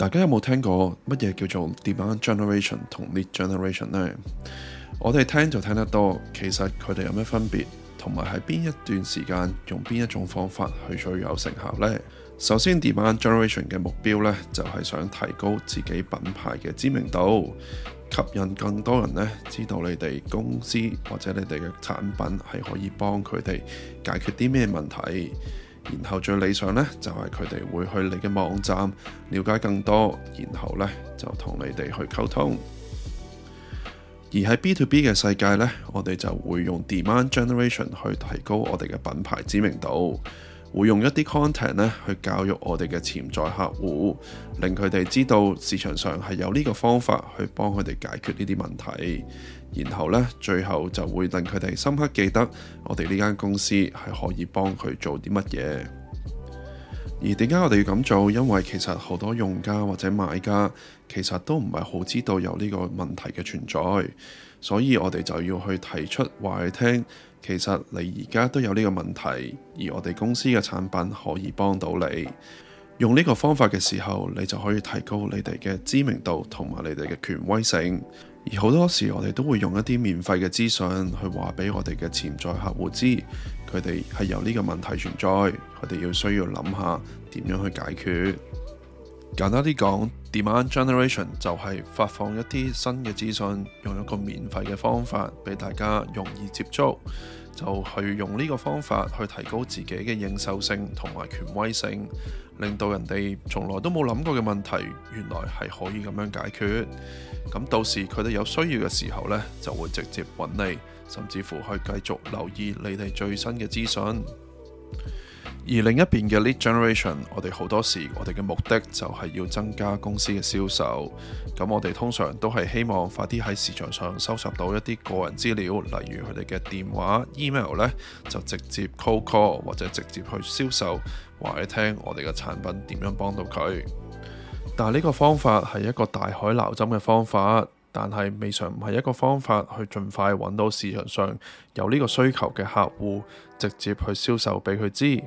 大家有冇聽過乜嘢叫做 demand generation 同 lead generation 呢？我哋聽就聽得多，其實佢哋有咩分別，同埋喺邊一段時間用邊一種方法去最有成效呢？首先，demand generation 嘅目標呢，就係想提高自己品牌嘅知名度，吸引更多人呢知道你哋公司或者你哋嘅產品係可以幫佢哋解決啲咩問題。然後最理想呢，就係佢哋會去你嘅網站了解更多，然後呢，就同你哋去溝通。而喺 B to B 嘅世界呢，我哋就會用 demand generation 去提高我哋嘅品牌知名度。會用一啲 content 咧去教育我哋嘅潛在客戶，令佢哋知道市場上係有呢個方法去幫佢哋解決呢啲問題，然後呢，最後就會令佢哋深刻記得我哋呢間公司係可以幫佢做啲乜嘢。而點解我哋要咁做？因為其實好多用家或者買家其實都唔係好知道有呢個問題嘅存在。所以我哋就要去提出話佢聽，其實你而家都有呢個問題，而我哋公司嘅產品可以幫到你。用呢個方法嘅時候，你就可以提高你哋嘅知名度同埋你哋嘅權威性。而好多時，我哋都會用一啲免費嘅資訊去話俾我哋嘅潛在客戶知，佢哋係有呢個問題存在，佢哋要需要諗下點樣去解決。簡單啲講，demand generation 就係發放一啲新嘅資訊，用一個免費嘅方法俾大家容易接觸，就去用呢個方法去提高自己嘅認受性同埋權威性，令到人哋從來都冇諗過嘅問題，原來係可以咁樣解決。咁到時佢哋有需要嘅時候呢，就會直接揾你，甚至乎去繼續留意你哋最新嘅資訊。而另一邊嘅 lead generation，我哋好多時，我哋嘅目的就係要增加公司嘅銷售。咁我哋通常都係希望快啲喺市場上收集到一啲個人資料，例如佢哋嘅電話、email 呢就直接 call call 或者直接去銷售，話你聽我哋嘅產品點樣幫到佢。但係呢個方法係一個大海撈針嘅方法，但係未嘗唔係一個方法去盡快揾到市場上有呢個需求嘅客戶，直接去銷售俾佢知。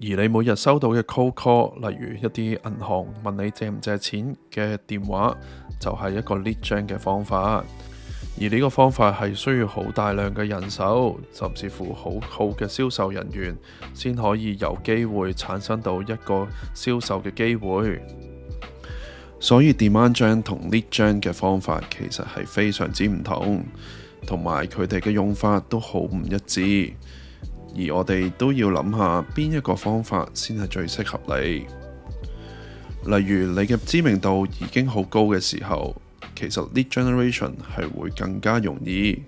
而你每日收到嘅 call call，例如一啲銀行問你借唔借錢嘅電話，就係、是、一個 lead gen 嘅方法。而呢個方法係需要好大量嘅人手，甚至乎好好嘅銷售人員，先可以有機會產生到一個銷售嘅機會。所以 demand gen 同 lead gen 嘅方法其實係非常之唔同，同埋佢哋嘅用法都好唔一致。而我哋都要諗下邊一個方法先係最適合你。例如你嘅知名度已經好高嘅時候，其實 lead generation 係會更加容易。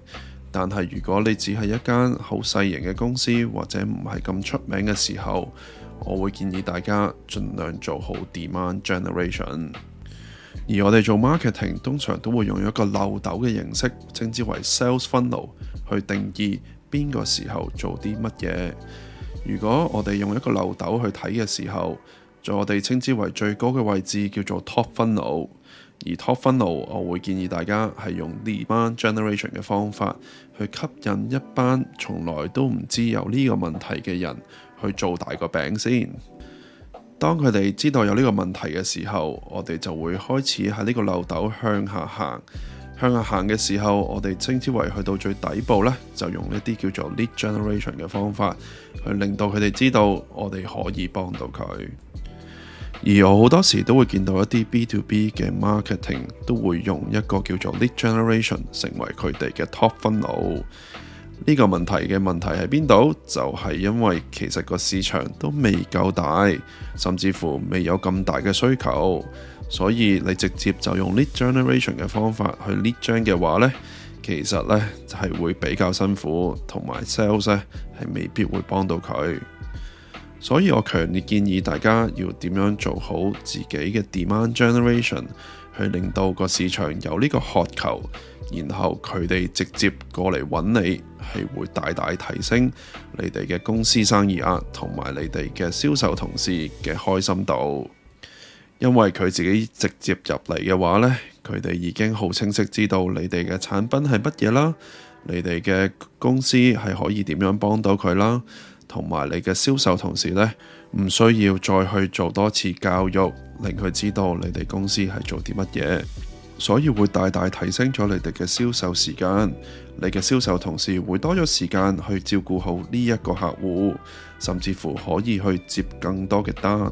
但係如果你只係一間好細型嘅公司或者唔係咁出名嘅時候，我會建議大家盡量做好 demand generation。而我哋做 marketing 通常都會用一個漏斗嘅形式，稱之為 sales funnel 去定義。邊個時候做啲乜嘢？如果我哋用一個漏斗去睇嘅時候，就我哋稱之為最高嘅位置叫做 Top funnel，而 Top funnel 我會建議大家係用 demand generation 嘅方法去吸引一班從來都唔知有呢個問題嘅人去做大個餅先。當佢哋知道有呢個問題嘅時候，我哋就會開始喺呢個漏斗向下行。向下行嘅時候，我哋稱之為去到最底部呢，就用一啲叫做 lead generation 嘅方法，去令到佢哋知道我哋可以幫到佢。而我好多時都會見到一啲 B to B 嘅 marketing 都會用一個叫做 lead generation 成為佢哋嘅 top funnel。呢個問題嘅問題喺邊度？就係、是、因為其實個市場都未夠大，甚至乎未有咁大嘅需求，所以你直接就用 lead generation 嘅方法去 lead gen 嘅話呢，其實呢係、就是、會比較辛苦，同埋 sales 呢係未必會幫到佢。所以我強烈建議大家要點樣做好自己嘅 demand generation。去令到個市場有呢個渴求，然後佢哋直接過嚟揾你，係會大大提升你哋嘅公司生意額同埋你哋嘅銷售同事嘅開心度。因為佢自己直接入嚟嘅話呢，佢哋已經好清晰知道你哋嘅產品係乜嘢啦，你哋嘅公司係可以點樣幫到佢啦，同埋你嘅銷售同事呢。唔需要再去做多次教育，令佢知道你哋公司係做啲乜嘢，所以會大大提升咗你哋嘅銷售時間。你嘅銷售同事會多咗時間去照顧好呢一個客戶，甚至乎可以去接更多嘅單。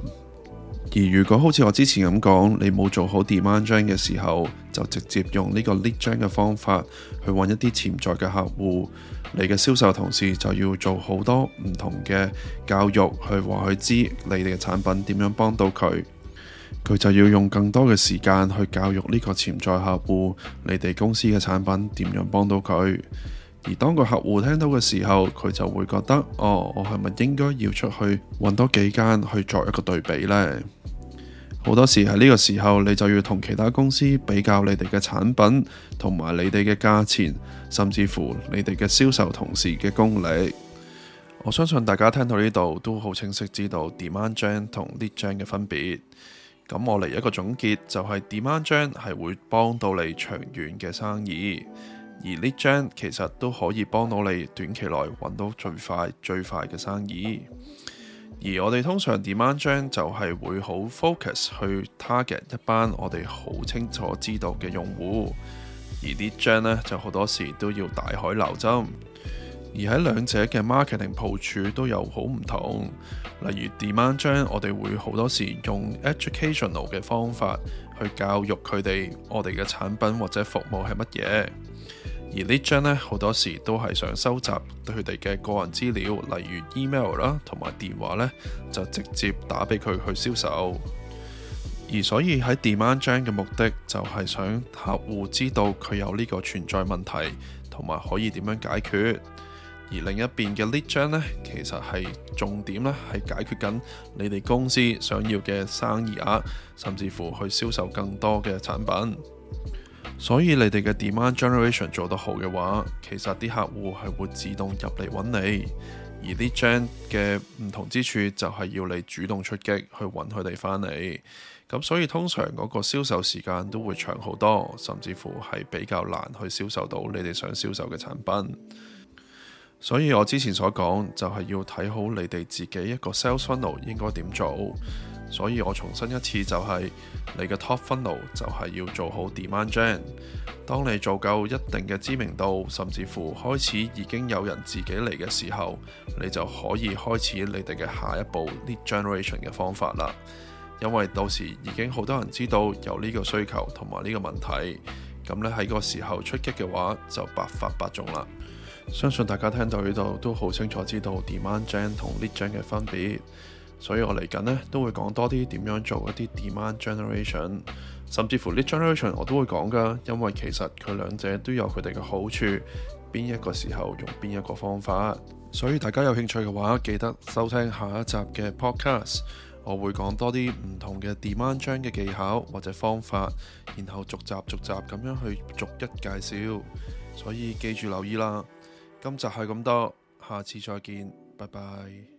而如果好似我之前咁講，你冇做好 demand gen 嘅時候，就直接用呢個 lead gen 嘅方法去搵一啲潛在嘅客戶，你嘅銷售同事就要做好多唔同嘅教育，去話佢知你哋嘅產品點樣幫到佢，佢就要用更多嘅時間去教育呢個潛在客戶，你哋公司嘅產品點樣幫到佢。而當個客戶聽到嘅時候，佢就會覺得，哦，我係咪應該要出去揾多幾間去作一個對比呢？好多時喺呢個時候，你就要同其他公司比較你哋嘅產品，同埋你哋嘅價錢，甚至乎你哋嘅銷售同事嘅功力。我相信大家聽到呢度都好清晰知道 demand 張同 lead 張嘅分別。咁我嚟一個總結，就係、是、demand 張係會幫到你長遠嘅生意。而 lead gen 其實都可以幫到你短期內揾到最快最快嘅生意。而我哋通常 demand gen 就係會好 focus 去 target 一班我哋好清楚知道嘅用戶，而 lead gen 呢，就好多時都要大海撈針。而喺兩者嘅 marketing 部署都有好唔同，例如 demand gen 我哋會好多時用 educational 嘅方法去教育佢哋我哋嘅產品或者服務係乜嘢。而 lead gen 咧好多時都係想收集佢哋嘅個人資料，例如 email 啦，同埋電話咧，就直接打俾佢去銷售。而所以喺 demand gen 嘅目的就係想客戶知道佢有呢個存在問題，同埋可以點樣解決。而另一邊嘅 lead gen 咧，其實係重點啦，係解決緊你哋公司想要嘅生意額，甚至乎去銷售更多嘅產品。所以你哋嘅 demand generation 做得好嘅話，其實啲客戶係會自動入嚟揾你，而 lead gen 嘅唔同之處就係要你主動出擊去揾佢哋返嚟。咁所以通常嗰個銷售時間都會長好多，甚至乎係比較難去銷售到你哋想銷售嘅產品。所以我之前所講就係、是、要睇好你哋自己一個 sales funnel 應該點做。所以我重申一次、就是，就係你嘅 top funnel 就係要做好 demand gen。當你做夠一定嘅知名度，甚至乎開始已經有人自己嚟嘅時候，你就可以開始你哋嘅下一步 lead generation 嘅方法啦。因為到時已經好多人知道有呢個需求同埋呢個問題，咁咧喺個時候出擊嘅話就百發百中啦。相信大家聽到呢度都好清楚知道 demand gen 同 lead gen 嘅分別。所以我嚟緊呢都會講多啲點樣做一啲 demand generation，甚至乎 lead generation 我都會講噶，因為其實佢兩者都有佢哋嘅好處，邊一個時候用邊一個方法。所以大家有興趣嘅話，記得收聽下一集嘅 podcast，我會講多啲唔同嘅 demand gen 嘅技巧或者方法，然後逐集逐集咁樣去逐一介紹。所以記住留意啦，今集係咁多，下次再見，拜拜。